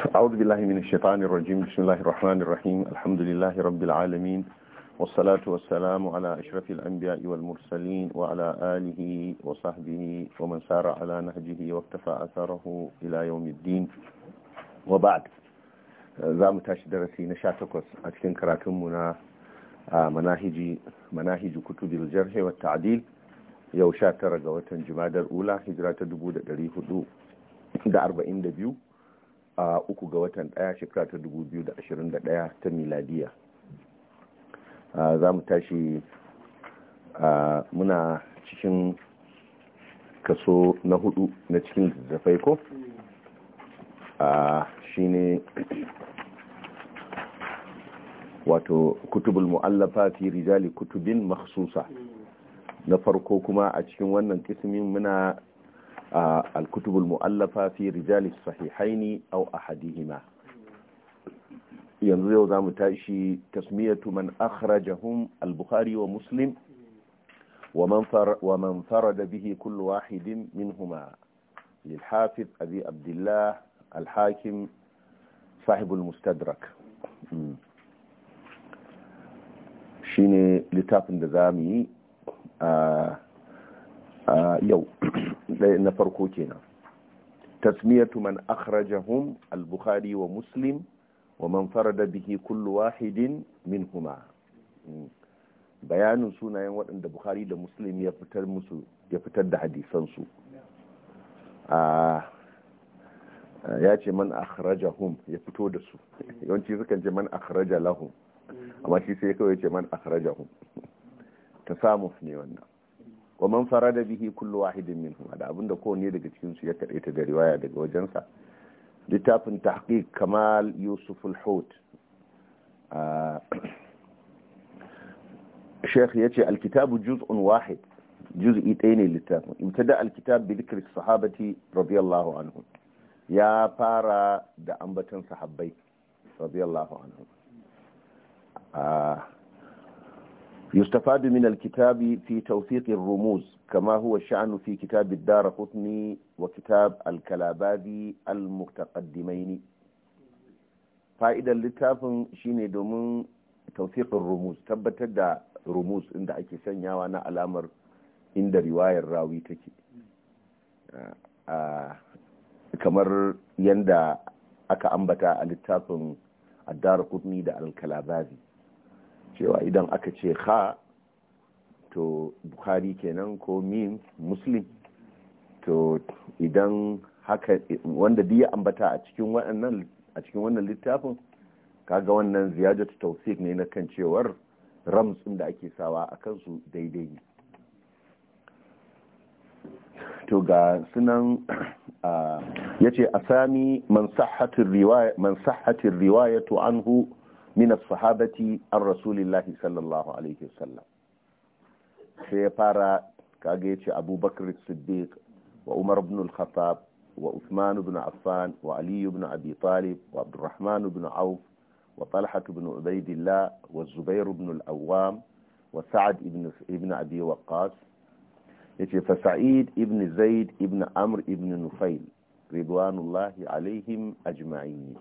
أعوذ بالله من الشيطان الرجيم بسم الله الرحمن الرحيم الحمد لله رب العالمين والصلاة والسلام على أشرف الأنبياء والمرسلين وعلى آله وصحبه ومن سار على نهجه واكتفى أثره إلى يوم الدين وبعد za mu tashi darasi na sha takwas a cikin karatunmu na manahiji kutubil jarhe wa ta'adil yau sha tara ga watan jimadar ula hijira ta dubu da ɗari hudu da arba'in da biyu a uku ga watan ɗaya shekara ta 2021 ta miladiya za mu tashi muna cikin kaso na hudu na cikin zafai ko shi ne wato kutubul mu'allafa fi rijali kutubin makhsusa na farko kuma a cikin wannan kismin muna a alkutubul mu'allafa fi rijalis sahihaini aw ahadihima yanzu yau zamu tashi tasmiyatu man akhrajahum al-bukhari wa muslim wa man farada bihi kullu wahidin minhumā lil hafiz abi abdullah al-hakim sahib al-mustadrak shine littafin da zamu yi a yau na farko kenan tasmiyatu man akhrajahum al-bukhari wa muslim wa man farada bihi kullu wahidin minhuma mm. bayanin sunayen waɗanda bukhari da muslim ya fitar musu ya fitar da hadisansu ya ce man akhrajahum ya fito da su yawanci sukan ce man akhraja lahum mm. amma shi sai kawai ce man akhrajahum ta samu ne wannan wa man farada bihi kullu wahidin minhum da abinda kowanne daga cikin su ya kade ta da riwaya daga wajensa littafin tahqiq kamal yusuf al-hut ah, sheikh yace al-kitabu juz'un wahid juz'i ɗaya ne littafin imtada al-kitab bi dhikri sahabati radiyallahu anhum ya fara da ambaton sahabbai radiyallahu anhum ah, يستفاد من الكتاب في توثيق الرموز كما هو الشأن في كتاب الدار قطني وكتاب الكلابادي المتقدمين فائدة للتاف شيني دومن توثيق الرموز تبت دا رموز عند أكي سنيا وانا الأمر عند رواية الراوي تكي كمر يندا أكا ambata للتاف الدار قطني دا الكلابادي cewa idan aka ce ha to bukari kenan ko min muslim to idan haka wanda duk ambata a cikin waɗannan a cikin wannan littafin kaga wannan ziyadatu tawsik ne na kan cewar ramtsin da ake sawa a kansu daidai ne to ga sunan ah, yace asami man sahhatir riwaya man sahhatir riwayatu anhu min sahabati an rasulillahi sallallahu alaihi wasallam sai ya fara kaga yace Abubakar Siddiq wa Umar ibn al-Khattab wa Uthman ibn Affan wa Ali ibn Abi Talib wa Abdurrahman ibn Auf wa Talha ibn Ubaidillah wa Zubair ibn al-Awwam wa Sa'ad ibn ibn Abi Waqqas yace fa Sa'id ibn Zaid ibn Amr ibn Nufail ridwanullahi alaihim ajma'in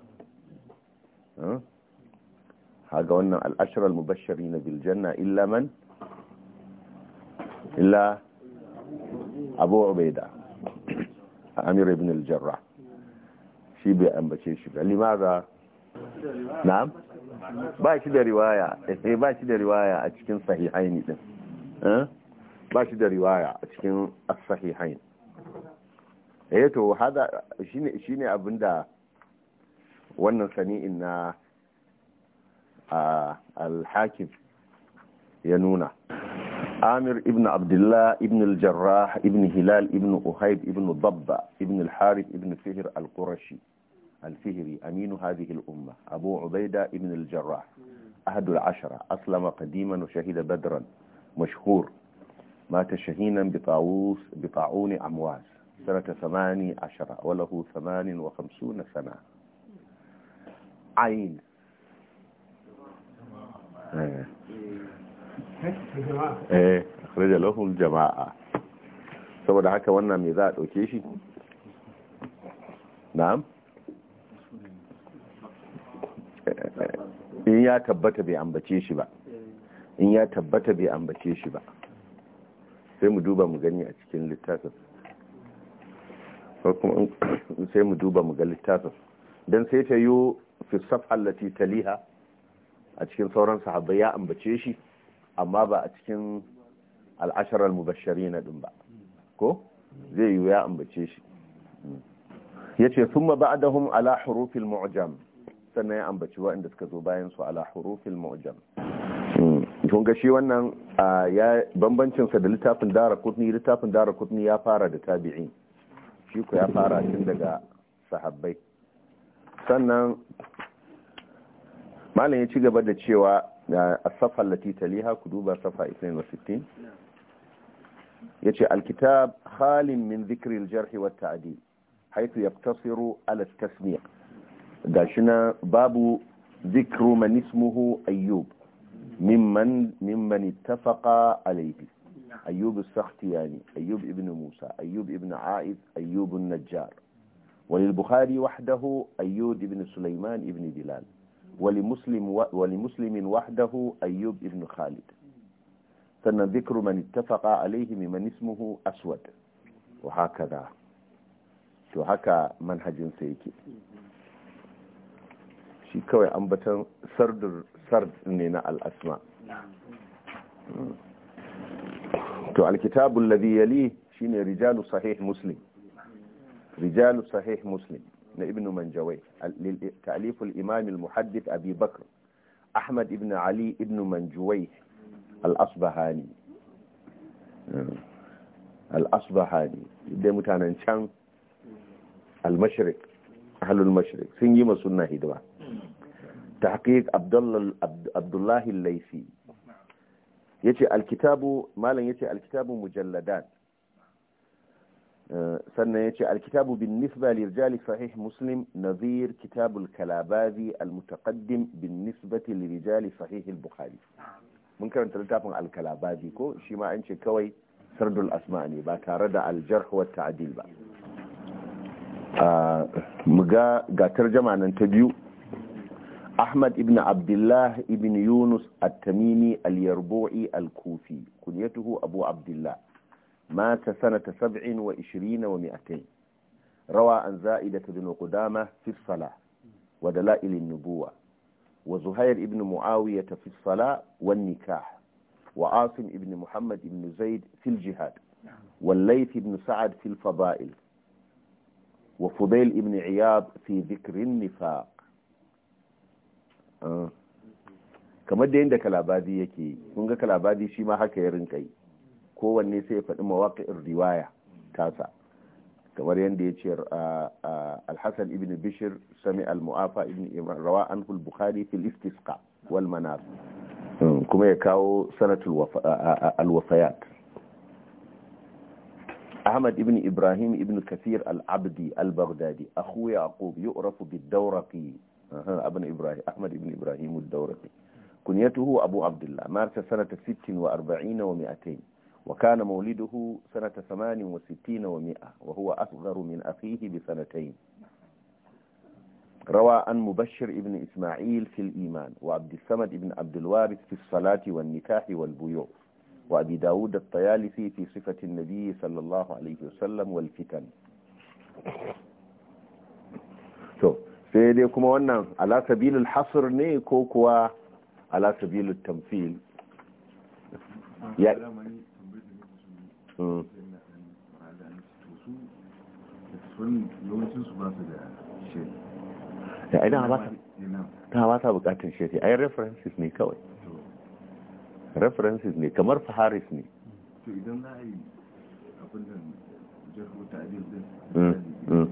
haga wannan al'ashar al-mubashari na biljanna illa man illa abu a amir ibn al-jarra shi bai ambace shi ga limaza na ba shi da riwaya eh ba shi da riwaya a cikin sahihain din eh? ba shi da riwaya a cikin as-sahihain eh to hada shine abinda wannan sani'in na آه، الحاكم ya عامر ابن عبد الله ابن الجراح ابن هلال ابن ibn ابن ibn ابن الحارث ابن فهر القرشي الفهري أمين هذه الأمة أبو عبيدة ابن الجراح أحد العشرة أسلم قديما وشهد بدرا مشهور مات شهينا بطاووس بطاعون أمواس سنة ثماني عشرة وله ثمان وخمسون سنة عين Eh. eh akhraja lahu jamaa saboda haka wannan me za a dauke shi na'am in ya tabbata bai ambace shi ba in ya tabbata bai ambace shi ba sai mu duba mu gani a cikin littafin sai mu duba mu ga littafin don sai ta yi fi safa allati taliha a cikin sauran sahabbai ya ambace shi amma ba a cikin al'ashar al-mubashari na ɗin ba ko zai yi ya ambace shi ya ce sun ma dahun ala hurufin mu'jam sannan ya ambaci waɗanda suka zo bayan su ala hurufin mu'jam Tun hmm. ga shi wannan ya bambancinsa da littafin dara kutni littafin dara kutni ya fara da tabi'i, shi ku ya fara tun daga sahabbai sannan malam ya ci gaba da cewa a safa lati taliha ku duba safa 62 ya ce alkitab halin min zikirin jarhi wa ta'adi haitu ya tasiru ala ga shi na babu zikiru manismuhu ayyub mimman ittafaqa alayhi ayyub as-sakhtiyani ayyub ibn musa ayyub ibn a'id ayyub najjar wa lil wahdahu ayyub ibn sulaiman ibn bilal ولمسلم وحده أيوب ابن خالد ثم ذكر من اتفق عليه ممن اسمه أسود وهكذا to haka manhajinsa yake shi kawai ambatan sardur sard ne na al'asma to alkitabul ladhi yali shine rijalu sahih muslim rijalu sahih muslim na ibn manjawai ta'aliful imam muhaddith abi bakr ahmad ibn ali ibn manjawai hmm. al-asbahani dai mutanen can al-mashriq ahlul mashriq sun yi masunna hidwa tahqiq abdullahi al laifi yace al-kitabu malan yace al-kitabu mujalladat sannan ya ce alkitabu bin nisba lirjali sahih muslim nazir kitabul kalabazi almutaqaddim bin nisbati lirjali sahih bukhari mun karanta littafin alkalabazi ko shi ma an ce kawai sardul asma ne ba tare da aljar wa ta'dil ba mu ga ga tarjama nan ta biyu ibn Abdullah ibn yunus ابن tamimi al yarbui al-Kufi kunyatuhu abu Abdullah مات سنة سبع وعشرين ومئتين روى عن زائدة بن قدامة في الصلاة ودلائل النبوة وزهير ابن معاوية في الصلاة والنكاح وعاصم ابن محمد ابن زيد في الجهاد والليث بن سعد في الفضائل وفضيل ابن عياض في ذكر النفاق آه. كما دين yadda kalabadi كي kun ga شي ما ma haka kowanne sai ya faɗi mawaƙi'in riwaya tasa kamar yadda ya ce alhassan ibn bishir sami al-mu'afa ibn imran rawa an bukhari fil istisqa wal manar kuma ya kawo sanatul al-wafayat ahmad ibn ibrahim ibn kathir al-abdi al-baghdadi akhu yaqub yu'rafu bid-dawraqi ibn ibrahim ahmad ibn ibrahim ad-dawraqi kunyatuhu abu abdullah mata sanata 46 wa 200 وكان مولده سنة ثمان وستين ومئة وهو أصغر من أخيه بسنتين روى عن مبشر ابن إسماعيل في الإيمان وعبد السمد ابن عبد الوارث في الصلاة والنكاح والبيوع وأبي داود الطيالسي في صفة النبي صلى الله عليه وسلم والفتن to sai dai على سبيل الحصر sabilil على سبيل التمثيل da idan ta ba ta bukatun shefi ai references ne kawai references ne kamar faharis ne to idan yi din mm, mm.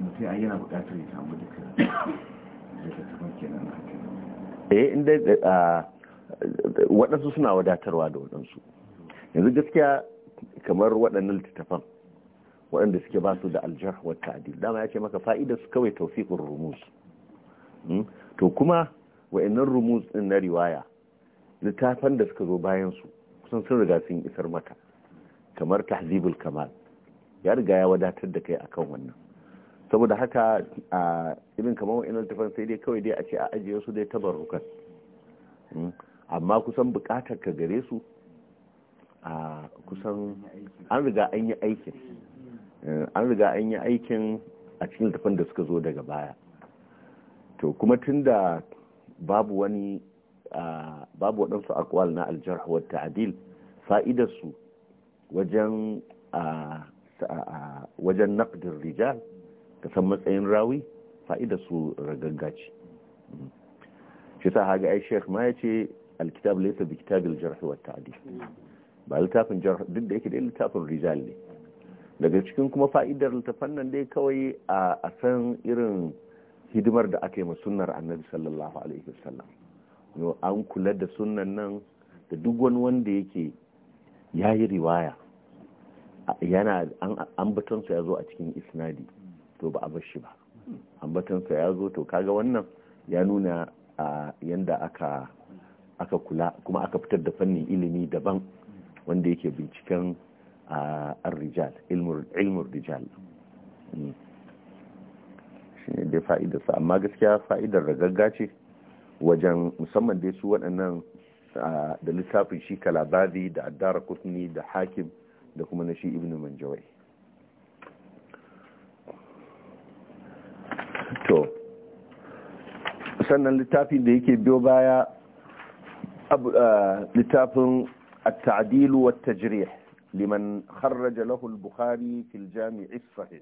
mutum yana bukatar ya samu duka daga taban kenan eh inda eh, ah, waɗansu suna wadatarwa da waɗansu yanzu gaskiya kamar waɗannan littattafan waɗanda suke ba su da aljar wa ta'adil dama ya ce maka fa'ida su kawai taufiqur rumus hmm? to kuma wa'annan rumus din na riwaya littafan da suka zo bayan su kusan sun riga sun isar maka kamar tahzibul kamal ya riga ya wadatar da kai akan wannan saboda haka a irin kamar wa'annan littattafan sai dai kawai dai a ce a ajiye su dai tabarrukan hmm? amma kusan bukatar ka gare su a kusan an riga an yi aikin eh, an riga an yi aikin a cikin littafin da suka zo daga baya to kuma tunda babu wani babu waɗansu akwal na aljarh wa ta'dil fa'idarsu wajen wajen naqdir rijal ka san matsayin rawi fa'idarsu ragaggaci shi sa haga ai sheikh ma yace alkitab laysa bi kitabil jarh wa ta'dil ba littafin jarh duk da yake da littafin rizal ne daga cikin kuma fa'idar littafan nan dai kawai a san irin hidimar da aka yi ma sunnar annabi sallallahu alaihi wasallam an kula da sunnan nan da duk wani wanda yake ya yi riwaya yana ambatonsa ya zo a cikin isnadi to ba a bar shi ba ambatonsa ya zo to kaga wannan ya nuna yanda aka aka kula kuma aka fitar da fannin ilimi daban wanda yake binciken ar-rijal ilmur rijal hmm. shi ne dai fa'idarsa amma gaskiya fa'idar ragagga ce wajen musamman dai su waɗannan da littafin shi kalabadi da addara Kusni, da hakim da kuma na shi ibn manjawai to sannan littafin da yake biyo baya littafin التعديل والتجريح لمن خرج له البخاري في الجامع الصحيح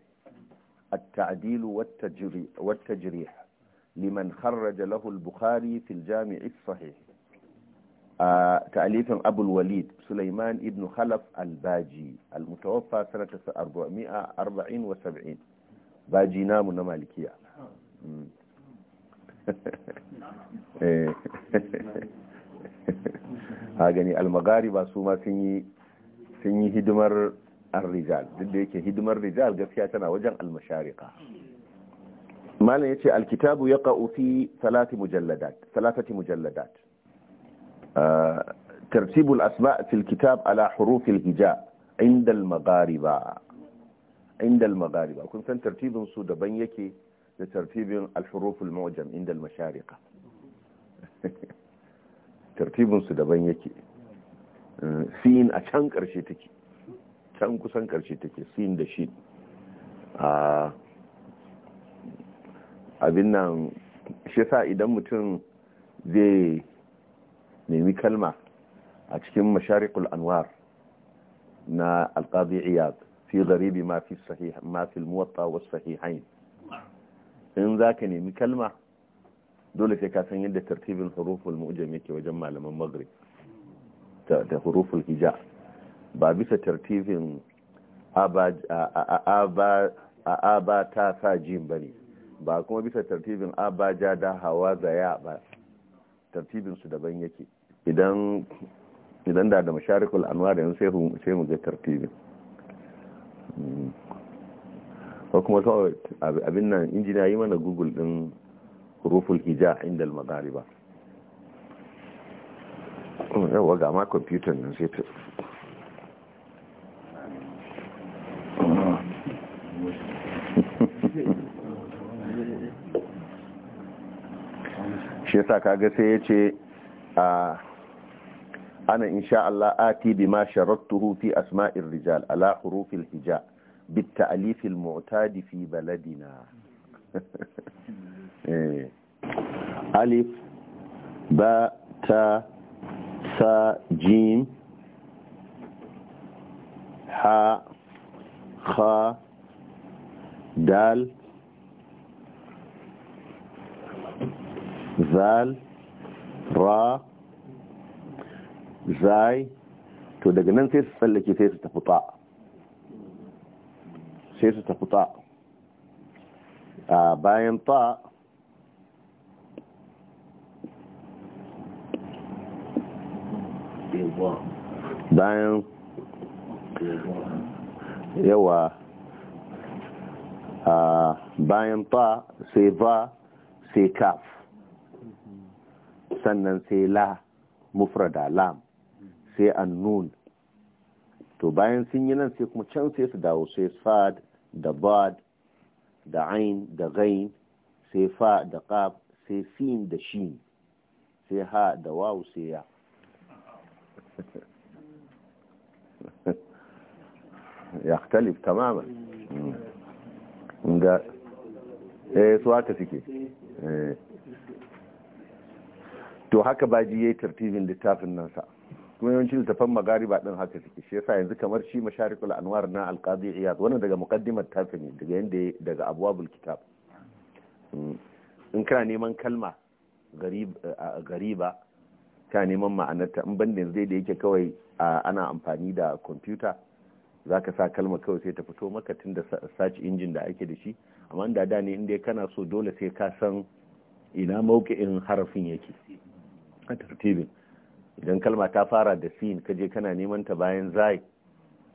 التعديل والتجريح, والتجريح لمن خرج له البخاري في الجامع الصحيح آه، تأليف أبو الوليد سليمان ابن خلف الباجي المتوفى سنة 474 باجي نام مالكية نعم. ha gani almagariba su ma sun yi hidimar al rijal duk da yake hidimar rijal gaskiya tana wajen al-masharika malam yace alkitabu yaqa'u fi salati mujalladat salatati mujalladat ترتيب ah, الأسماء inda al على kun san عند su daban yake da ترتيب al بنيكي لترتيب الحروف inda al-masharika. tartibinsu daban yake eh, sin a can karshe take can kusan karshe take sin da shi a abin nan shi sa idan mutum zai nemi kalma a cikin masharikul anwar na alƙazi iyad fi garibi ma fi muwatta wasu sahihain in za ka nemi kalma dole sai ka san yadda tartibin huruful mu'jam yake wajen malaman maghrib ta huruful hija ba bisa tartibin aba ta sa jin ba ne ba kuma bisa tartibin aba ja da hawa zaya ba tartibin su daban yake idan idan da da masharikul anwar yanzu sai mu ga tartibin hmm. ko kuma kawai abin nan injiniya yi mana google din حروف الهجاء عند al-maghariba yawa ga نسيت kwamfutar ta shi yasa kaga sai ce a ana insha Allah ati bima sharattuhu fi asma'ir rijal ala hurufil hija bit ta'lif al fi baladina Eh. alif ba ta sa jim ha ha dal zal ra zai to daga nan sai su tsallake sai su tafi ta sai su tafi ta a bayan ta bayan yawa bayan fa sai ba sai kaf sannan sai la mufrada lam sai annun to bayan sun yi nan sai kuma can sai su dawo sai sad da bad da ain da gain sai fa da kaf sai sin da shin sai ha da wawu sai ya يختلف تماما ga ايه su haka suke to haka baji yayi tartibin littafin nan sa kuma yawanci magari magariba din haka suke shi yasa yanzu kamar shi masharikul anwar na alqadi iyad wannan daga muqaddimat tafin daga yanda daga abwabul kitab in kana neman kalma gariba ka neman ma'anarta in ban yanzu da yake kawai ana amfani da kwamfuta za ka sa kalma kawai sai ta fito maka tun da search engine da ake da shi amma da da ne inda kana so dole sai ka san ina mauki'in harafin yake a tartibin idan kalma ta fara da sin ka je kana neman ta bayan zai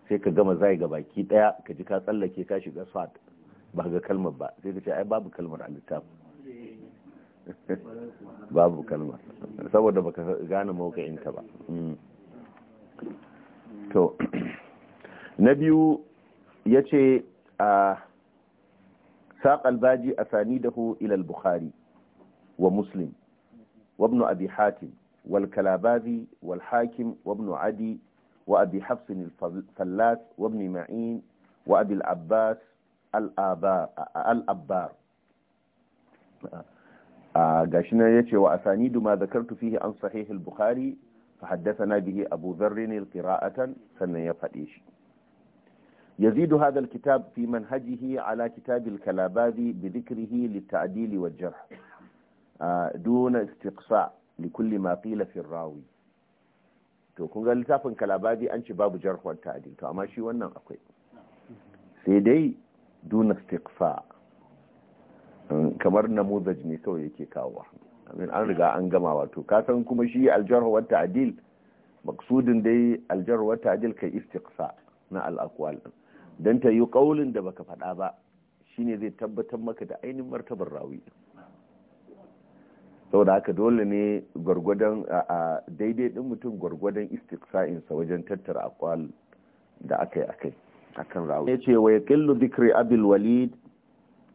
sai ka gama zai ga baki daya ka ji ka tsallake ka shiga swat ba ga kalmar ba sai ka ce ai babu kalmar a littafin babu kalma saboda baka gane mawuƙa'inka ba mm. to na biyu ya ce a saƙal baji a sani da hu ilal bukhari wa muslim wabnu abi hatim wal kalabazi wal hakim wabnu adi wa abi hafsin fallas wabni ma'in wa abi abbas al'abbar gashi nan yace wa asanidu ma zakartu fihi an sahih al-bukhari fa na bihi abu dharr qira'atan sannan ya fadi shi يزيد هذا الكتاب في ala على كتاب الكلاباذي بذكره للتعديل والجرح دون استقصاء لكل ما قيل في rawi to kun ga littafin kalabadi an ce babu jarhuwar tadil to amma shi wannan akwai sai dai duna istiqsa kamar namozaj ne kawai yake kawo amin an riga an gama wato kasan kuma shi aljarhu wa ta'dil maksudin dai aljarhu wa ta'dil kai istiqsa na al-aqwal dan ta yi kaulin da baka fada ba shine zai tabbatar maka da ainihin martabar rawi saboda haka dole ne gwargwadon a daidai din mutum gwargwadon sa wajen tattara akwal da akai akai akan rawi yace wa yaqillu dhikri abil walid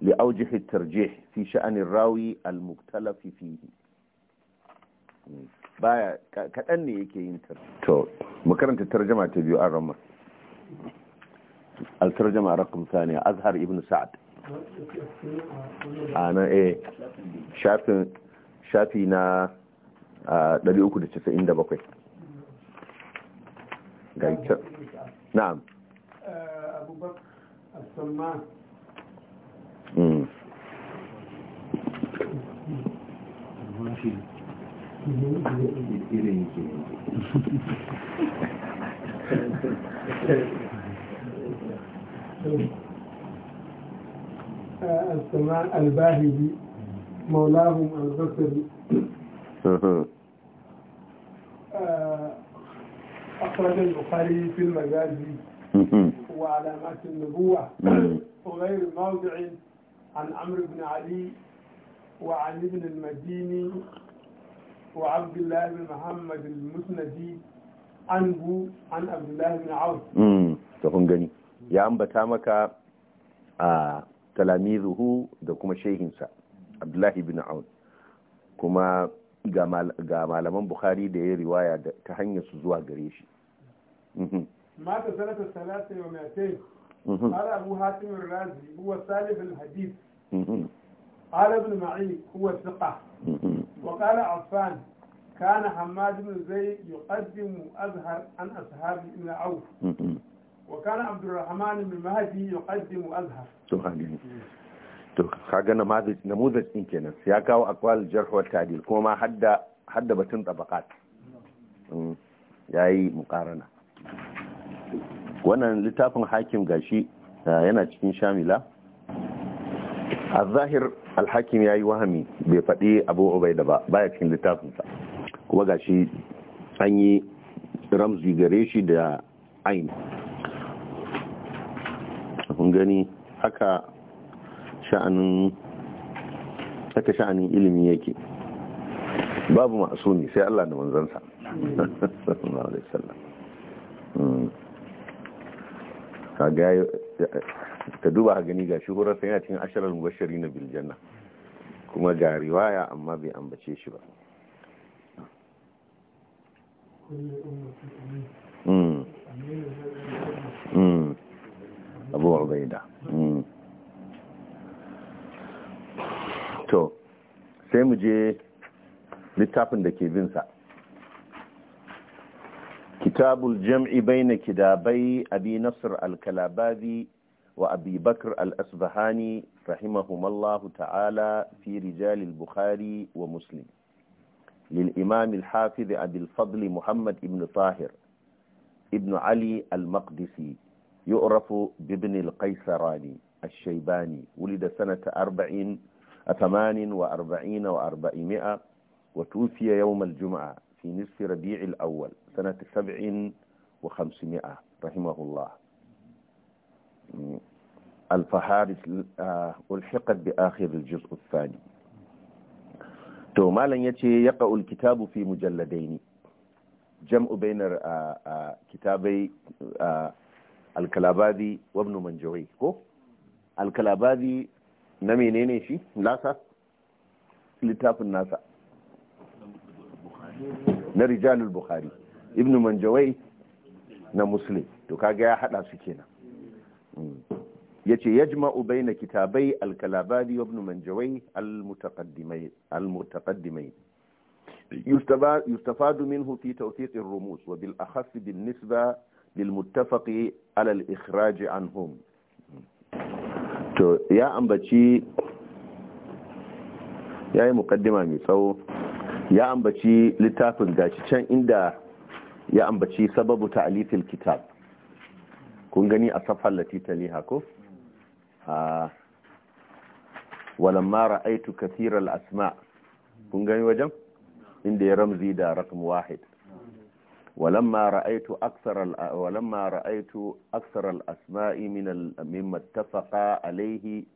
لأوجه الترجيح في شأن الراوي المختلف فيه baya kaɗan ne yake yin to makaranta tarjama ta biyu an rama al-tarjama rakam sani azhar ibn sa'ad ana eh shafin shafi na 397 ga na'am abubakar as السماء الباهلي مولاهم الغفري أخرج البخاري في المجازي وعلامات النبوة وغير موضع عن عمرو بن علي وعلي بن المديني وعبد الله بن محمد المسندي عنه عن عبد الله بن عوف امم تكون gani ya ambata maka تلاميذه ده كما شيخنسا عبد الله بن عوف كما ga malaman bukhari da ya riwaya ta hanyar su zuwa gare shi mata sanata salasa yau mai Abu hatimin Razi huwa salibin hadith قال ابن معين هو ثقة وقال عفان كان حماد بن زيد يقدم أزهر عن أصحاب ابن عوف وكان عبد الرحمن بن مهدي يقدم أزهر to kaga namuzaj din kenan ya kawo akwal jarh wa ta'dil kuma ma hadda hadda batun tabaqat yayi muqarana wannan littafin hakim gashi yana cikin shamila a zahir alhakim ya yi wahami bai faɗi abu ubaida ba baya cikin littafinsa kuma ga shi an yi ramzi gare shi da aini. kun gani haka sha'anin haka sha'anin ilimi yake babu masumi sai Allah da manzansa sallallahu alaihi ta duba a gani ga shi horarsa yana cikin ashirar mubashari na biljanna kuma ga riwaya amma bai ambace shi ba hmm. Hmm. abu hmm. to sai mu je littafin da ke bin sa kitabul jam'i da bai abi nasr al وأبي بكر الأسبهاني رحمهما الله تعالى في رجال البخاري ومسلم للإمام الحافظ أبي الفضل محمد بن طاهر ابن علي المقدسي يعرف بابن القيسراني الشيباني ولد سنة أربعين ثمان وأربعين وأربعمائة وتوفي يوم الجمعة في نصف ربيع الأول سنة سبع وخمسمائة رحمه الله alfaharis ulhiqat bi akhir aljuz athani to malam yace yaqa alkitabu fi mujalladaini jam'u bainar kitabai alkalabadi wa ibn manjuri ko alkalabadi na menene shi nasa littafin nasa na rijalul bukhari ibn manjawai na muslim to kaga ya hada su kenan يتي يجمع بين كتابي الكلاباني وابن منجوي المتقدمين المتقدمين يستفاد منه في توثيق الرموز وبالاخص بالنسبه للمتفق على الاخراج عنهم يا امبتشي يا مقدمه ميسو يا بتشي لتأكل غاشي كان اندا يا بتشي سبب تعليف الكتاب كون غني اصفه التي تليها كوف a walamma ra'aitu kathiral asma kun gani wajen inda ya ramzi da rakam wahid walamma ra'aitu aksar walamma ra'aitu aksar al-asma'i min mimma ittafaqa alayhi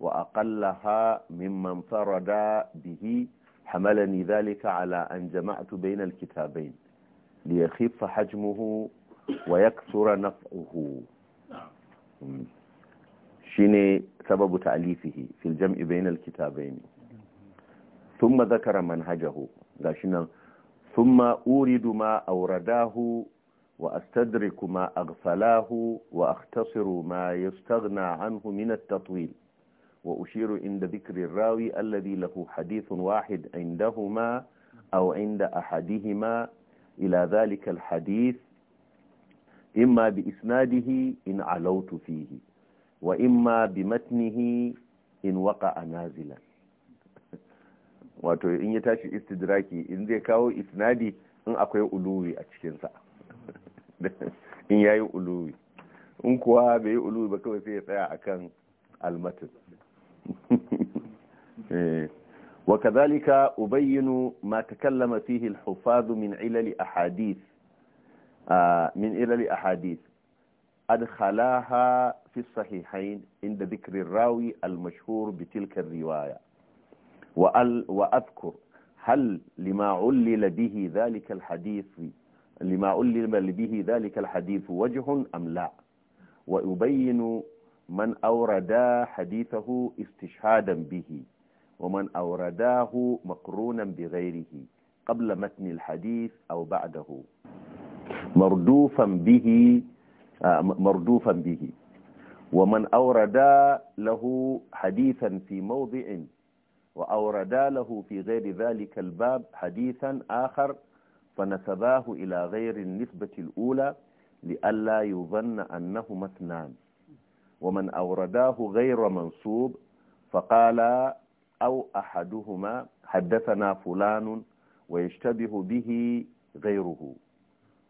wa aqallaha mimman farada bihi حملني ذلك على أن جمعت بين الكتابين ليخف حجمه ويكثر نفعه شيني سبب تأليفه في الجمع بين الكتابين ثم ذكر منهجه غاشنا ثم أورد ما أورداه وأستدرك ما أغفلاه وأختصر ما يستغنى عنه من التطويل وأشير عند ذكر الراوي الذي له حديث واحد عندهما أو عند أحدهما إلى ذلك الحديث إما بإسناده إن علوت فيه wa imma bi matnihi in waka a nazilan wato in ya tashi istidraki in zai kawo isnadi in akwai uluwi a cikinsa in ya yi uluwi in kuwa bai yi uluwi ba kawai sai ya tsaya a kan almatin وكذلك أبين ما تكلم fihi الحفاظ min علل ahadith ah, min علل ahadith adkhalaha في الصحيحين عند ذكر الراوي المشهور بتلك الرواية وأذكر هل لما علل به ذلك الحديث لما علل به ذلك الحديث وجه أم لا ويبين من أوردا حديثه استشهادا به ومن أورداه مقرونا بغيره قبل متن الحديث أو بعده مردوفا به آه، مردوفا به ومن أورد له حديثا في موضع وأورد له في غير ذلك الباب حديثا آخر فنسباه إلى غير النسبة الأولى لئلا يظن أنهما اثنان ومن أورداه غير منصوب فقال أو أحدهما حدثنا فلان ويشتبه به غيره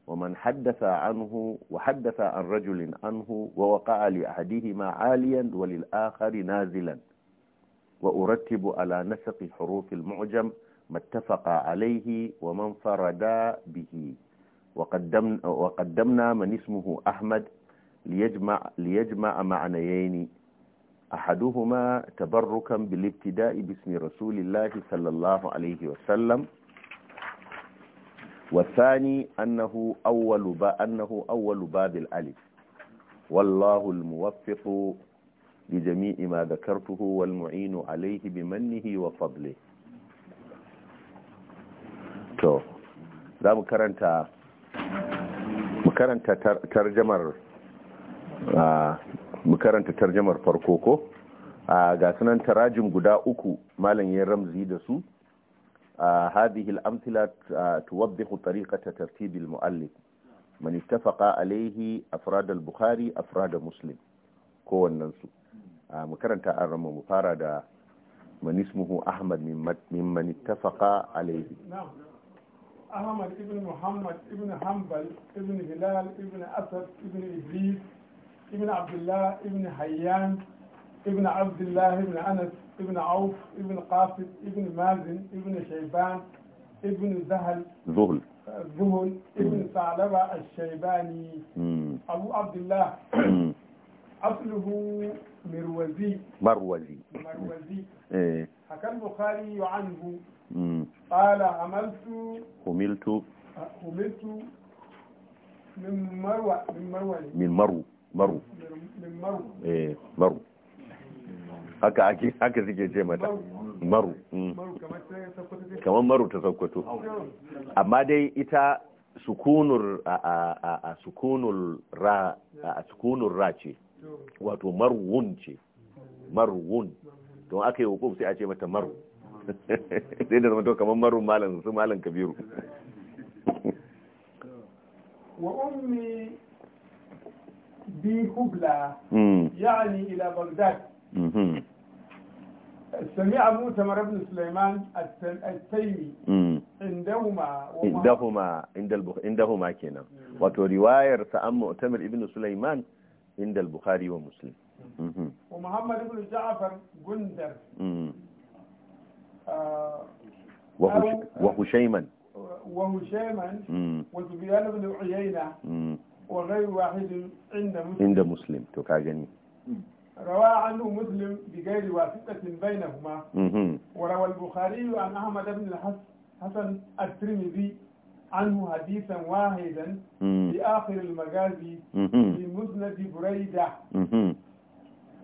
ومن حدث عنه وحدث عن رجل عنه ووقع لأحدهما عاليا وللآخر نازلا وأرتب على نسق حروف المعجم ما اتفق عليه ومن فردا به وقدم وقدمنا من اسمه أحمد ليجمع, ليجمع معنيين أحدهما تبركا بالابتداء باسم رسول الله صلى الله عليه وسلم والثاني أنه أول, با أنه أول باب الألف والله الموفق لجميع ما ذكرته والمعين عليه بمنه وفضله تو ذا مكرنتا مكرنتا ترجمة مكرنتا ترجمة mu ga sunan tarajin guda uku malam ya ramzi da su هذه الأمثلة توضح طريقة ترتيب المؤلف من اتفق عليه أفراد البخاري أفراد مسلم كون ننسو مكرن تأرم مفارد من اسمه أحمد ممن اتفق عليه أحمد ابن محمد ابن حنبل ابن هلال ابن أسد ابن إبليس ابن عبد الله ابن حيان ابن عبد الله ابن أنس ابن عوف ابن قاسد ابن مازن ابن شيبان ابن زهل زهل زهل ابن ثعلبة الشيباني أبو عبد الله أصله مروزي مروزي مروزي إيه حكى البخاري عنه قال عملت حملت حملت من مروة من مروة من مرو مرو من مرو إيه مرو haka ake haka suke ce mata maru mm. kamar maru ta sakkwato amma dai ita sukunur a sukunur ra a sukunur ra ce wato marwun ce marwun don aka yi hukum sai a ce mata maru sai da zama kamar maru malam su malam kabiru wa ummi bi hubla mm. yani ila bagdad mm-hmm. سمع مؤتمر ابن سليمان التيمي عندهما عندهما عند البخ... عندهما كنا وتو روايه عن مؤتمر ابن سليمان عند البخاري ومسلم ومحمد بن جعفر جندر آه وهش... وهشيما وهشيما وسفيان بن عيينه وغير واحد عند مسلم عند مسلم تو كاجني روى عنه مسلم بغير واسطة بينهما وروى البخاري عن أحمد بن الحسن الترمذي عنه حديثا واحدا في آخر المغازي في مسند بريدة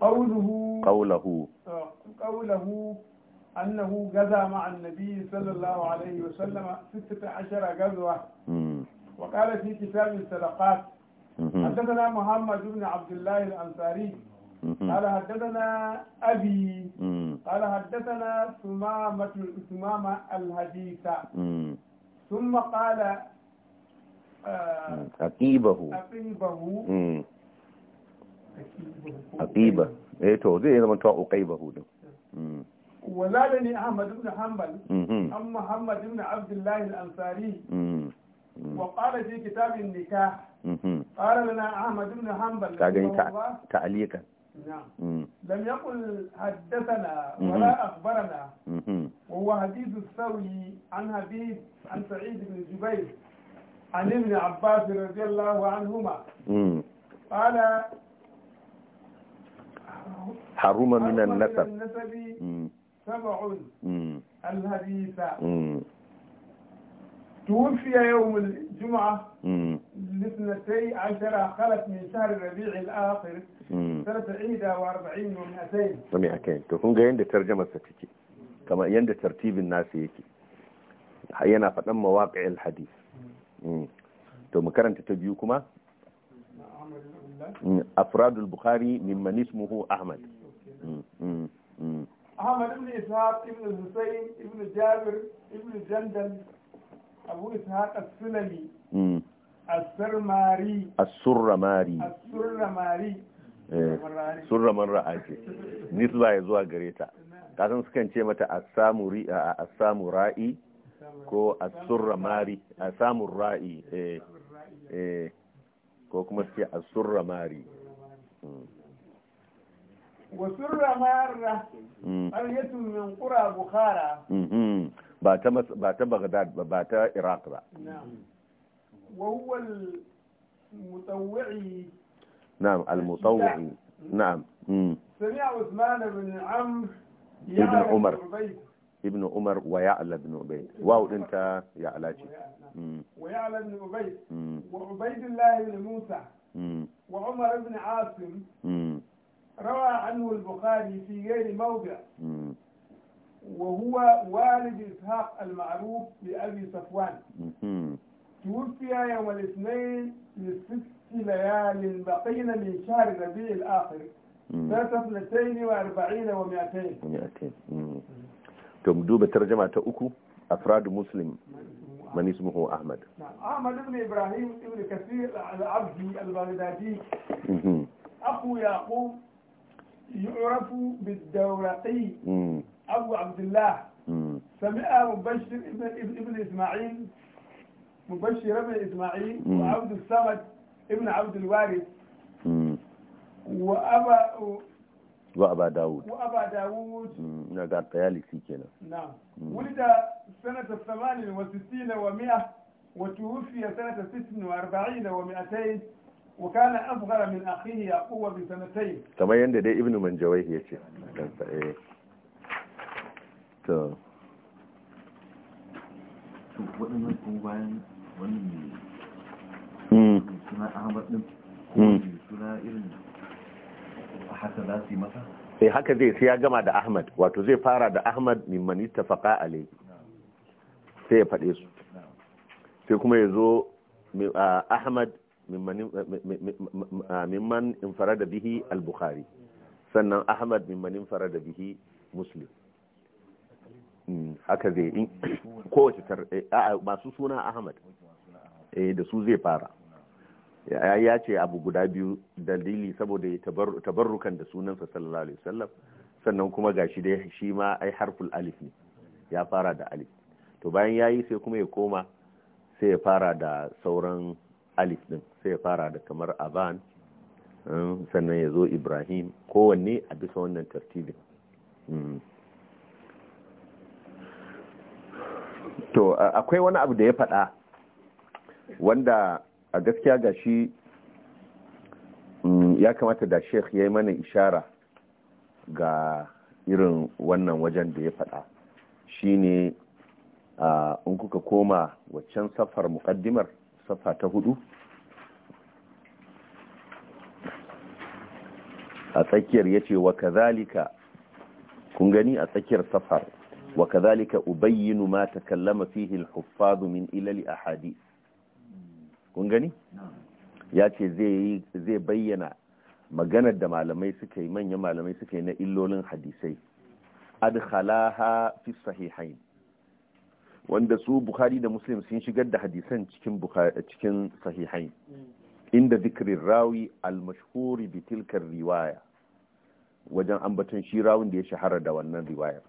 قوله قوله آه، قوله أنه غزا مع النبي صلى الله عليه وسلم ستة عشر غزوة وقال في كتاب الصدقات حدثنا محمد بن عبد الله الأنصاري قال حدثنا أبي قال حدثنا ثمامة ثمامة الحديثة ثم قال أقيبه أقيبه أقيبه إيه تو زي ما تو أقيبه ده ولدني أحمد بن حنبل أم محمد بن عبد الله الأنصاري وقال في كتاب النكاح قال لنا أحمد بن حنبل تعليقا نعم لم يقل حدثنا ولا أخبرنا وهو حديث الثوري عن حديث عن سعيد بن جبير عن ابن عباس رضي الله عنهما قال حرم من النسب سبع الحديث توفي يوم الجمعة لاثنتي عشر خلت من شهر ربيع الآخر سنة عيدة واربعين ومئتين ومئتين تكون جاين دي ترجمة ستكي كما يند ترتيب الناس يكي حينا فتن مواقع الحديث تو مكرن تتبيوكما أفراد البخاري ممن اسمه أحمد أحمد بن إسحاق ابن الحسين ابن جابر ابن جندل abu ishaq as-sulami hmm. as-surmari as-surramari as-surramari eh, surraman ra'a ce nisba ya zuwa gare ta kasan sukan ce mata as-samuri as-samura'i ko as-surramari as-samura'i eh eh ko kuma su ce as-surramari hmm. wa surramara qaryatun hmm. min qura bukhara ba ta ba ta Baghdad ba ba ta Iraq ba وهو المطوعي نعم المطوعي نعم سمع عثمان بن عمرو ابن عمر ابن عمر ويعلى بن عبيد واو انت علاجي ويعلى بن عبيد وعبيد الله بن موسى وعمر بن عاصم روى عنه البخاري في غير موضع وهو والد إسحاق المعروف لأبي صفوان توفي يوم الاثنين لست ليال بقين من شهر ربيع الآخر سنة اثنتين وأربعين ومئتين تم دوب ترجمة أكو أفراد مسلم من اسمه أحمد أحمد بن إبراهيم بن كثير العبدي البغدادي أخو يعقوب يعرف بالدورقي أبو عبد الله سمع مبشر ابن, ابن إسماعيل مبشر ابن إسماعيل وعبد الصمد ابن عبد الوارث وأبا وأبا داود وأبا داود نقع الطيالسي كنا نعم ولد سنة الثمان وستين ومئة وتوفي سنة ست وأربعين ومئتين وكان أصغر من أخيه يعقوب بسنتين كما يندى ابن منجويه يتي ta hmm. hmm. haka sai eh, haka zai sai ya gama da ahmad wato zai fara da ahmad ta faƙa ale sai ya faɗe su sai kuma ya zo ahmad mimman da bihi al-bukhari sannan ahmad mimman da bihi muslim haka mm, zai yi kowace eh, masu suna ahmad eh, da su zai fara ya ce abu guda biyu dalili saboda ya tabarrukan da sunansa sallallahu alaihi wasallam sannan kuma gashi dai shi ma ai harful alif ne ya fara da alif to bayan yayi sai kuma ya koma sai ya fara da sauran alif din sai ya fara da kamar aban mm, sannan ya zo ibrahim kowanne a bisa wannan tartibin mm. to akwai wani abu da ya faɗa wanda a gaskiya ga shi mm, ya kamata da sheikh ya yi mana ishara ga irin wannan wajen da ya faɗa shine in kuka koma waccan safar muƙaddimar safa ta hudu a tsakiyar ya ce wa kazalika kun gani a tsakiyar safar وكذلك أبين ما تكلم فيه الحفاظ من إلى الأحاديث kun gani ya ce zai bayyana maganar da malamai suka yi manyan malamai suka yi na illolin hadisai adkhalaha fi sahihain wanda su bukhari da muslim sun shigar da hadisan cikin cikin sahihain inda zikirin rawi al-mashhuri bi tilkar riwaya wajen ambaton shi rawun da ya shahara da wannan riwayar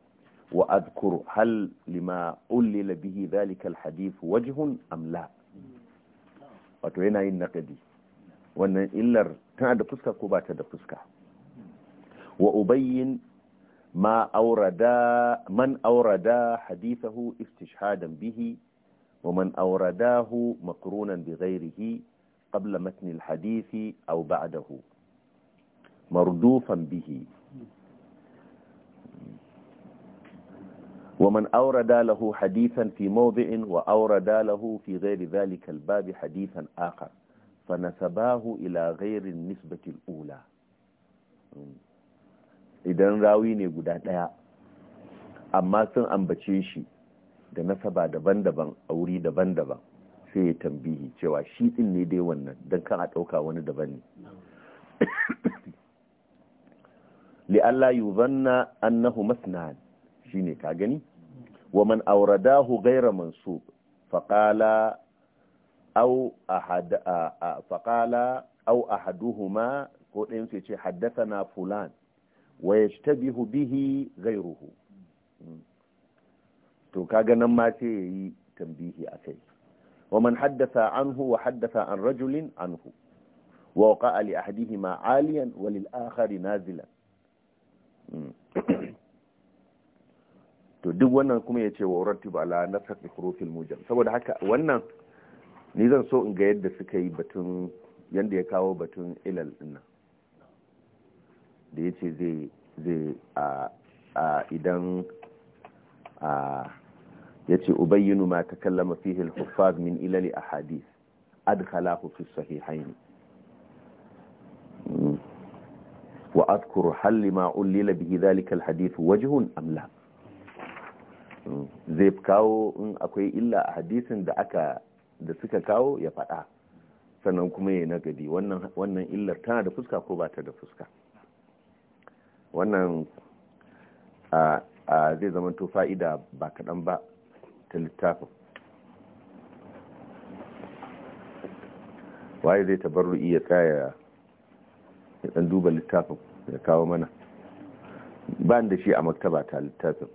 وأذكر هل لما أولل به ذلك الحديث وجه أم لا وتعين أي وأن إلا تعد فسكة وبات فسكة وأبين ما أوردا من أوردا حديثه استشهادا به ومن أورداه مقرونا بغيره قبل متن الحديث أو بعده مردوفا به ومن أورد له حديثا في موضع وأورد له في غير ذلك الباب حديثا آخر فنسباه إلى غير النسبة الأولى idan rawi ne guda ɗaya amma sun ambace shi da nasaba daban-daban a wuri daban-daban sai ya tambihi cewa shi ɗin ne dai wannan don kan a ɗauka wani daban ne li'alla yuzanna annahu shi ne ka gani ومن أورداه غير منصوب فقال أو أحد فقال أو أحدهما حدثنا فلان ويشتبه به غيره to kaga nan ma sai ya yi tambihi a kai haddasa anhu wa haddasa an rajulin anhu wa li ahadihima aliyan wa lil akhari nazilan duk wannan kuma ya ce wa rattibu ala nasakh hurufin mujam saboda haka wannan ni zan so in ga yadda suka yi batun yadda ya kawo batun ilal dinnan da ya ce zai a idan ya ce ubayyinu ma ta kallama fihil huffaz min ilali a hadis adkhalahu fi sahihaini hmm. wa adkuru hal lima ullila bihi zalikal alhadith wajihun amla zai kawo in akwai illa a hadisin da aka da suka kawo ya faɗa sannan kuma ya nagadi wannan illar tana da fuska ko ba ta da fuska wannan zai zamanto fa'ida ba kaɗan ba ta littafin waye zai tabarru iya tsaya ya ɗan duba littafin ya kawo mana ba da shi a maktaba ta littafin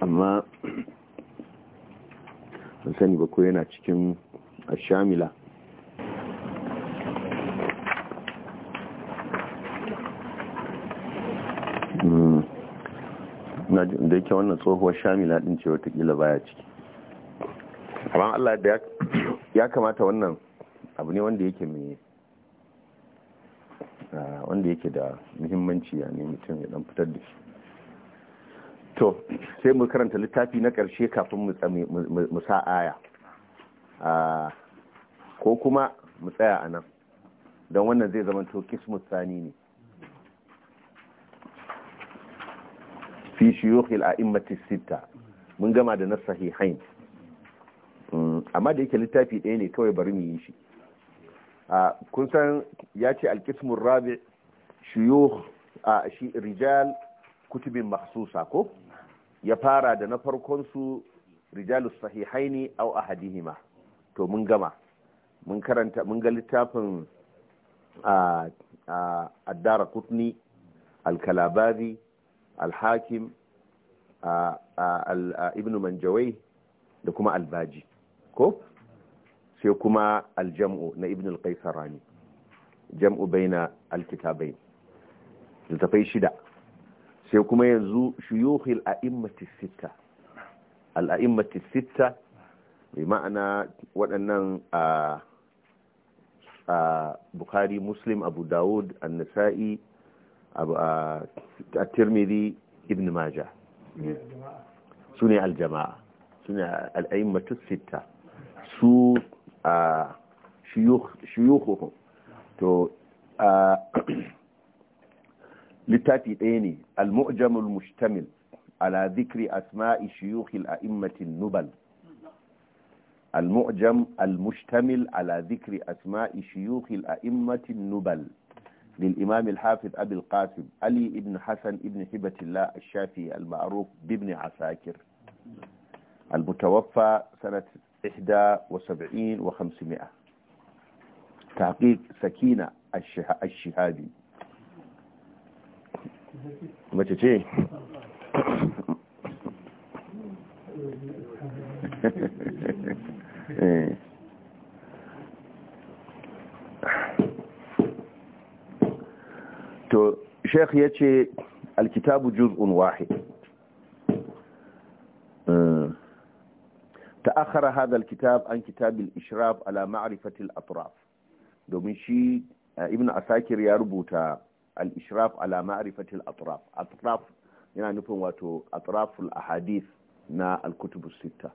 amma an sani ba ko yana cikin ashamila hmm. da yake wannan tsohuwar shamila din ce watakila baya ciki amma allah da ya kamata wannan abu ne wanda yake mai ah, wanda yake da muhimmanci ya ne mutum ya dan fitar da shi to sai mu karanta littafi na ƙarshe kafin mu sa aya ah, ko kuma mu tsaya a nan don wannan zai zama to kismus sani ne fi a a'immatis sitta mun gama da na sahihain hmm, amma da yake littafi ɗaya ne kawai bari mu yi shi ah, kun san ya ce alkismun rabi shiyo a ah, shi rijal kutubin maksusa ko ya fara da na farkon su rijalus sahihaini au ahadihima to mun gama mun karanta mun ga littafin addara kutni alkalabazi alhakim ibn manjawai da kuma albaji ko sai kuma aljam'u na ibn s-Rani. jam'u baina alkitabai tafai shida sai kuma yanzu shuyuhil a'immati sitta al'a'immati sita mai ma'ana waɗannan a a bukhari muslim abu dawud annasa'i a tirmidhi ibn majah su ne aljama'a su ne al'a'immatu sita su a to لتاتي ɗaya المعجم المشتمل على ذكر أسماء شيوخ الأئمة النبل المعجم المشتمل على ذكر أسماء شيوخ الأئمة النبل للإمام الحافظ أبي القاسم علي بن حسن بن هبة الله الشافعي المعروف بابن عساكر المتوفى سنة 71 و500 تحقيق سكينة الشهادي mace ce eh. to sheikh ya ce alkitabu juz'un wahid eh. ta'akhara hadha alkitab an kitabil al-ishraf ala ma'rifati al-atraf domin shi eh, ibn asakir ya rubuta al-ishraf ala ma'rifatil atraf atraf yana nufin wato atraful ahadith na al-kutub sita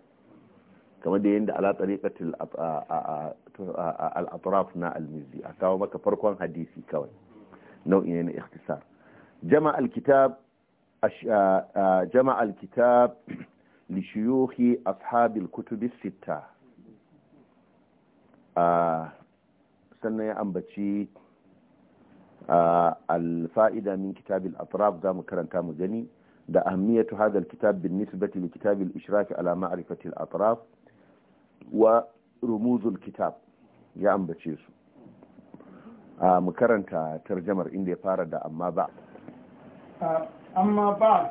kamar da yadda ala tariqatil al-atraf na al-mizzi a kawo maka farkon hadisi kawai nau'i ne na ikhtisar jama al-kitab jama al-kitab li shuyukhi ashab al-kutub sannan ya ambaci آه، الفائدة من كتاب الأطراف دام مكرن كام جني ده أهمية هذا الكتاب بالنسبة لكتاب الإشراك على معرفة الأطراف ورموز الكتاب يا عم بتشيسو آه، مكرن ترجمة إندي فارد أما بعد آه، أما بعد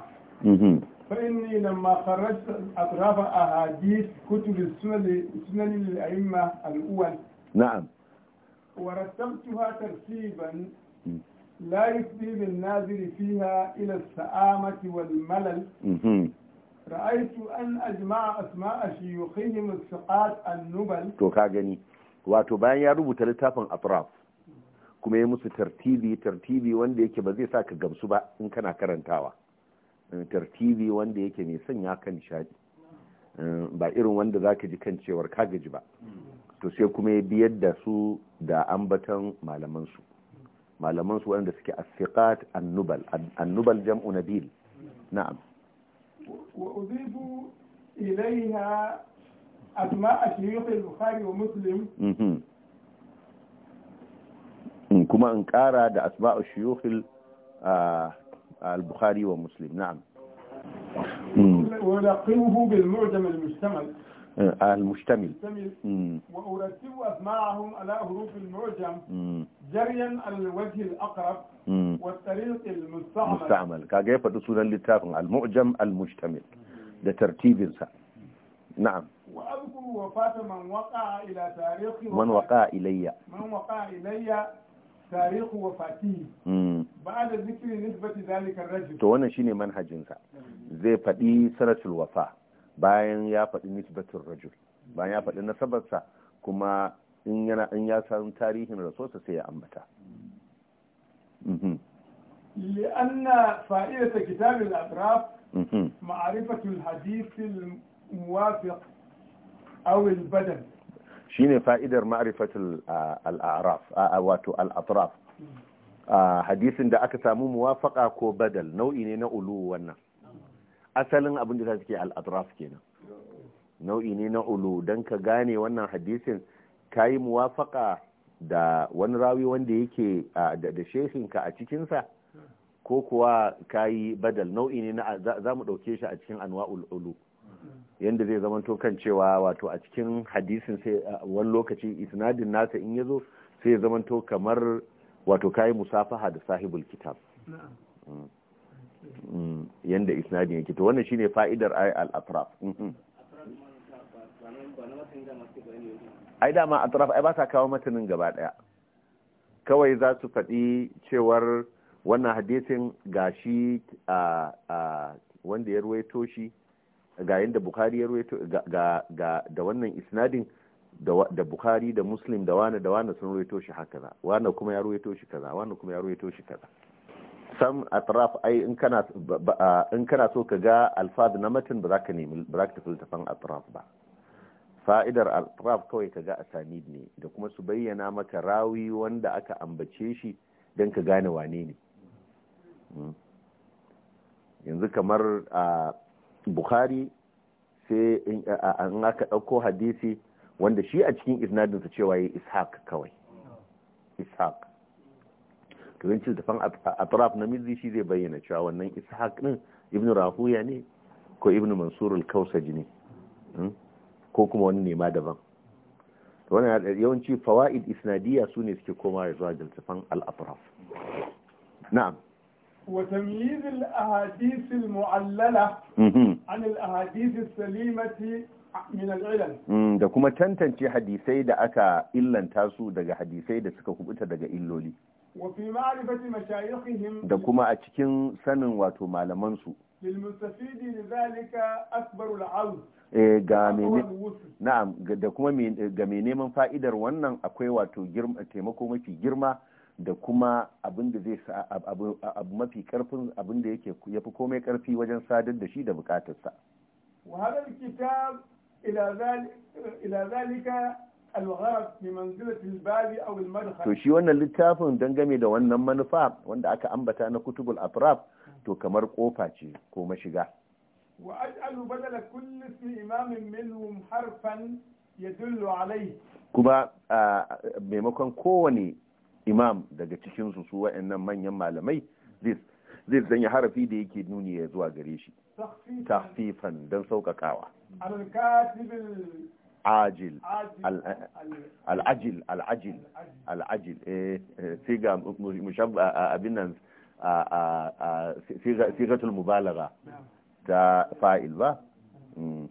فإني لما خرجت أطراف أحاديث كتب السنن للأئمة الأول نعم ورتبتها ترتيبا لا يفضي بالناظر فيها إلى السآمة والملل رأيت أن أجمع أسماء شيوخهم الثقات النبل تو كاغني wato bayan ya rubuta littafin afraf kuma ya musu tartibi tartibi wanda yake ba zai sa ka gamsu ba in kana karantawa tartibi wanda yake mai sanya kan nishadi ba irin wanda za ka ji kan cewar ka gaji ba to sai kuma ya biyar da su da ambatan malamansu malaman su wanda suke asfiqat annubal annubal jam'u nabil na'am wa udhibu ilayha asma'a shuyukh al-bukhari wa muslim kuma in kara da asma'u shuyukh al-bukhari wa muslim na'am ولقبه بالمعجم المشتمل المشتمل وأرتب أسماعهم على حروف المعجم جريا على الوجه الأقرب والطريق المستعمل مستعمل كيف تصول سنن المعجم المشتمل ده ترتيب نعم وأذكر وفاة من وقع إلى تاريخ من وقع إلي من وقع إلي تاريخ وفاته بعد ذكر نسبة ذلك الرجل تو wannan shine manhajinsa زي فدي سنة الوفاة bayan ya faɗi nisbatun rajul bayan ya faɗi nasabarsa kuma in yana in ya san tarihin rasulsa sai ya ambata لأن فائدة كتاب الأطراف معرفة الحديث الموافق أو البدن شين فائدة معرفة الأعراف واتو الأطراف hadisin da aka samu muwafaka ko badal nau'i ne na ulu wannan asalin abin da ta suke al'adraf kenan nau'i ne na ulu don ka gane wannan hadisin ka yi muwafaka da wani rawi wanda yake da shehinka a cikinsa ko kuwa ka yi badal nau'i ne na za mu ɗauke shi a cikin anwa ulu yadda zai zama to kan cewa wato a cikin hadisin sai wani lokaci isnadin nasa in ya zo sai ya zama to kamar wato kayi musafaha da sahibul kitab mm. Mm, yanda isnadin yake to wannan shine fa'idar al-atraf mm-hmm. ai dama atraf ai ba sa kawo matanin gaba daya kawai za su faɗi cewar wannan hadisin gashi a wanda ya ruwaito shi ga yadda bukari ya ruwaito ga da wannan isnadin da bukari da muslim da wani da wani sun ruwaito shi haka za wani kuma ya ruwaito shi kaza wani kuma ya ruwaito shi kaza sam atraf ai in kana so ka ga alfaz na matin ba za ka nemi ba za ka tafi a atraf ba fa'idar atraf kawai ka ga asanid ne da kuma su bayyana maka rawi wanda aka ambace shi don ka gane wane ne hmm. yanzu kamar a bukhari sai an aka ɗauko hadisi wanda shi a cikin isnadinsa cewa ya ishaq kawai ishaq to da fan atraf na mizzi shi zai bayyana cewa wannan ishaq din ibnu rahuya ne ko ibnu mansur al-kausaji ne hmm? ko kuma wani nema daban wannan yawanci fawaid isnadiyya su ne suke koma zuwa fan al-atraf na'am وتمييز الأحاديث المعللة عن الأحاديث السليمة da kuma tantance hadisai da aka illanta su daga hadisai da suka kubuta daga illoli da kuma a cikin sanin wato malamansu eh, ga na'am da kuma ga mai neman fa'idar wannan akwai wato taimako mafi girma da kuma abin da zai abu mafi karfin abin da yake yafi komai karfi wajen sadar da shi da bukatarsa wa hadar kitab ila zalika الغرض to shi wannan littafin dangame da wannan manufa wanda aka ambata na kutubul afraf to kamar kofa ce ko mashiga wa aj'alu badala kulli ismi imamin minhum harfan yadullu alayhi kuma maimakon kowane imam daga cikin su su wayannan manyan malamai zai sanya harafi da yake nuni ya zuwa gare shi tahfifan don sauƙaƙawa Eh, al'ajil al'ajil al'ajil al'ajil eh, eh, siga mushabba abin nan sigatul mubalaga ta fa'il ba mm.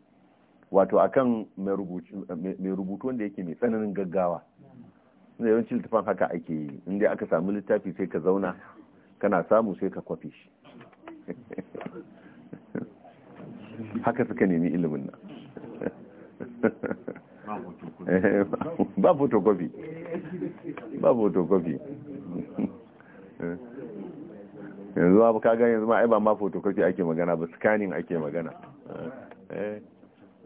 wato akan mai rubutu wanda yake mai tsananin gaggawa da yawanci littafin haka ake yi inda aka samu littafi sai ka zauna kana samu sai ka kwafi shi haka suka nemi ilimin nan ba photocopy ba photocopy yanzu ba ka gani yanzu ma ai ba ma photocopy ake magana ba scanning ake magana eh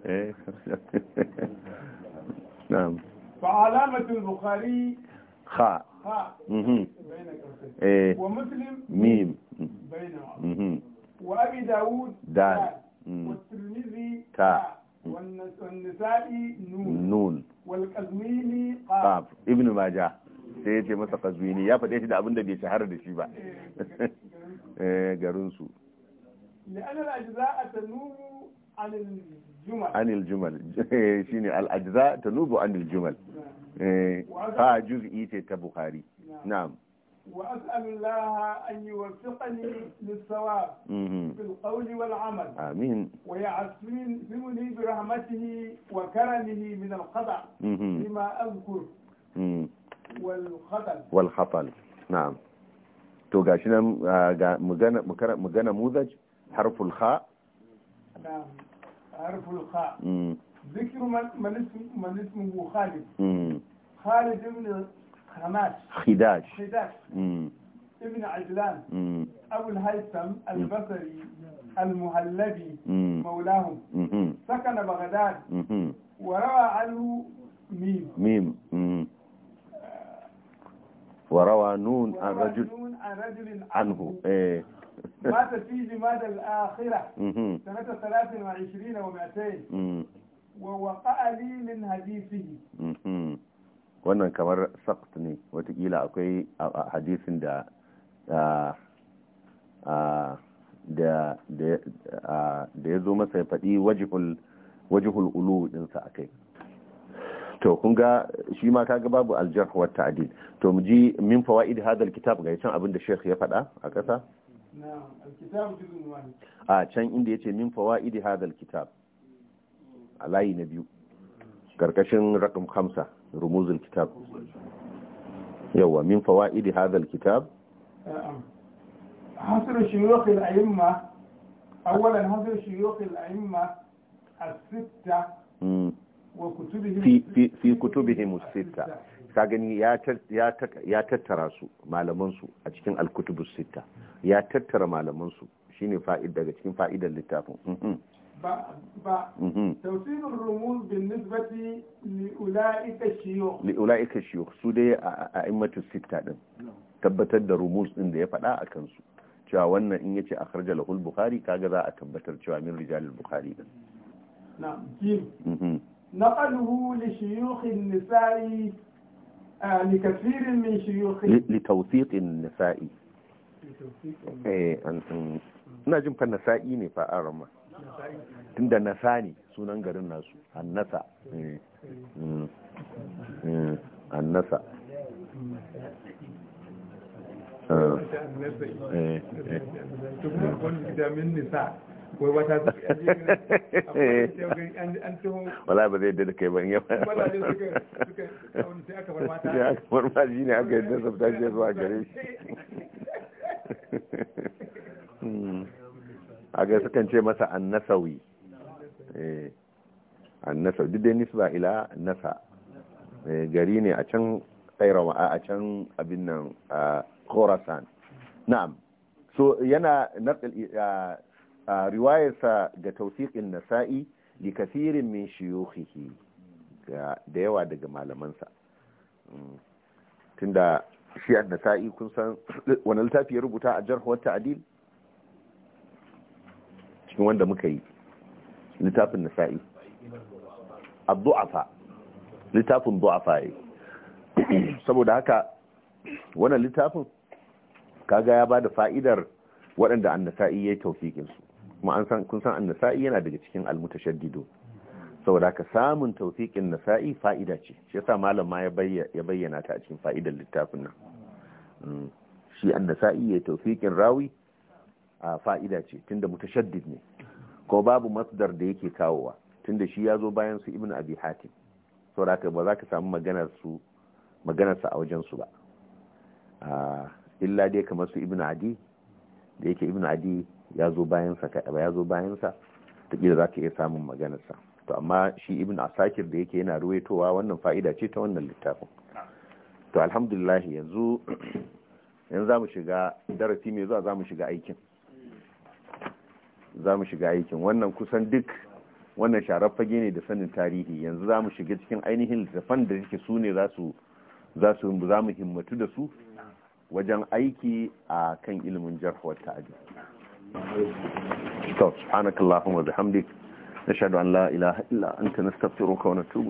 eh na'am ha البخاري mhm. eh. wa خاء ومسلم mhm. wa abi daud dal wa والترمذي mm. تاء Mm. nun qaf ibn maja sai ya ce masa qazwini ya faɗe shi da abin da bai shahara da shi ba eh, eh, garin su anil jumal shine al ajza tanubu anil jumal ha juz'i ce ta bukari na'am وأسأل الله أن يوفقني للصواب في القول والعمل آمين ويعصمني برحمته وكرمه من الخطأ بما أذكر والخطل والخطل نعم تو غاشنا مغنى مغنى موذج حرف الخاء نعم حرف الخاء ذكر من من اسمه خالد خالد بن خماش خداش خداش ابن عجلان أبو الهيثم البصري المهلبي مولاهم سكن بغداد وروى عنه ميم ميم وروى نون عن رجل عن رجل عنه إيه. مات في جماد الآخرة سنة 23 و200 ووقع لي من حديثه wannan kamar sakt ne watakila akwai hadisin da da ya zo masa ya faɗi wajihul ulu ɗinsa a kai to kun ga shi ma kaga babu aljarh wa ta'dil to mu ji min fawaid hada alkitab ga can abin da sheikh ya faɗa a ƙasa a can inda yace min fawaid hada alkitab alayi na biyu karkashin rakam khamsa رموز الكتاب يوا من فوائد هذا الكتاب حصر شيوخ الأئمة أولا حصر شيوخ الأئمة الستة في في في كتبهم الستة kagani ya ya tattara su malamansu a cikin alkutubus sita ya tattara malamansu shine fa'id daga cikin fa'idar littafin Ba توفيق الرموز بالنسبة لأولئك الشيوخ لأولئك الشيوخ su dai a immatul sitta din tabbatar da rumus din da ya faɗa a kansu cewa wannan in yace a lahu al-bukhari kaga za a tabbatar cewa min rijal al-bukhari din na'am jim mhm. naqaluhu li shuyukh an-nisa'i li kafirin min shuyukh li tawthiq nisai eh an ina jin fa nasa'i ne fa a arama tunda nasa ne sunan garin nasu annasa eh. mm. mm. annasa eh. eh. wala ba zai dada kai ban yawa ya kamar farma shi ne aka yi dasa sabta shi ya zuwa gare shi hmm. a ga eh. sukan ce masa nasawi eh nasa, duk dai nisba ila nasa eh, gari ne a can tsairawa a can abin nan a khorasan na'am so yana riwayarsa ga tausiƙin nasa'i li kathirin min ga da yawa daga malamansa mm. tunda shi an nasa'i kun san wani littafi ya rubuta a jarhuwar tadil cikin wanda muka yi littafin nasa'i addu'afa littafin du'afa yi saboda haka wannan littafin kaga ya bada fa'idar waɗanda annasa'i ya yi su kuma an san kun san annasa'i yana daga cikin almutashaddido saboda haka samun na nasa'i fa'ida ce shi yasa malam ma ya bayyana ta a cikin fa'idar littafin nan mm. shi annasa'i yi taufikin rawi a fa'ida ce tunda mutashaddid ne ko babu masdar da yake kawowa tunda shi ya zo bayan su ibn abi hatim saboda ba za ka samu maganar su maganar a wajen su ba illa dai kamar su ibn adi da yake ibn adi ya zo bayan sa ba ya zo bayan sa ta kila za ka iya samun maganar sa to amma shi ibn asakir da yake yana ruwaitowa wannan fa'ida ce ta wannan littafin to alhamdulillah yanzu yanzu za mu shiga darasi mai zuwa za mu shiga aikin za mu shiga aikin wannan kusan duk wannan sharar fage ne da sanin tarihi yanzu za mu shiga cikin ainihin littafan da suke su ne za su za mu himmatu da su wajen aiki a kan ilimin jarhuwar ta'adi to